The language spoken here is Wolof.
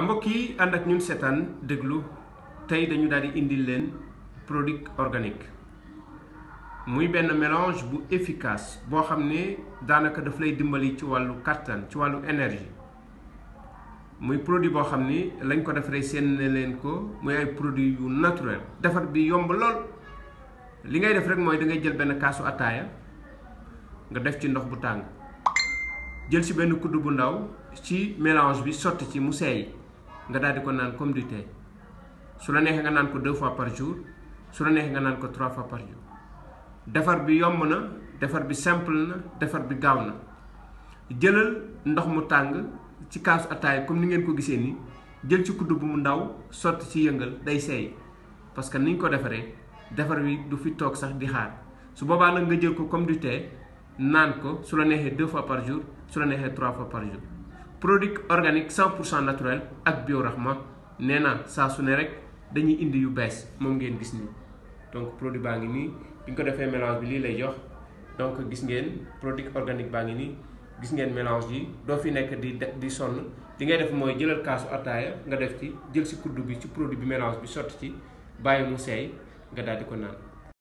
mbokk yi ànd ak ñun seetaan déglu tey dañu daal di indil leen produit organique muy benn mélange bu efficace boo xam ne daanaka dafa lay dimbali ci wàllu kattan ci wàllu énergie muy produit boo xam ne lañ ko defaree seen ne leen ko muy ay produit yu naturel defar bi yomb lool li ngay def rek mooy dangay jël benn kaasu ataaya nga def ci ndox bu tàng jël ci benn kudd bu ndaw ci melonge bi sotti ci mu seey nga daal di ko naan comme du thé su la neexee nga naan ko deux fois par su la neexee nga naan ko trois fois par defar bi yomb na defar bi simple na defar bi gaaw na jëlal ndox mu tàng ci kaasu ataay comme ni ngeen ko gisee ni jël ci kudd bu mu ndaw sotti ci yëngal day seey parce que niñ ko defaree defar bi du fi toog sax di xaar su boobaa nag nga jël ko comme du thé naan ko su la neexee deux fois par su la neexee trois fois par jour produit organique 100 pour cent naturel ak biorahma nee na saa su ne rek dañuy indi yu bees moom ngeen gis nii donc produit baa ngi nii di ñu ko defee mélange bi lii lay jox donc gis ngeen produit organique baa ngi nii gis ngeen mélange yi doo fi nekk di di sonn di ngay def mooy jëlal kaasu ataaya nga def ci jël si kuddu bi ci produit bi mélange bi sotti ci bàyyi mu seey nga daal di ko naan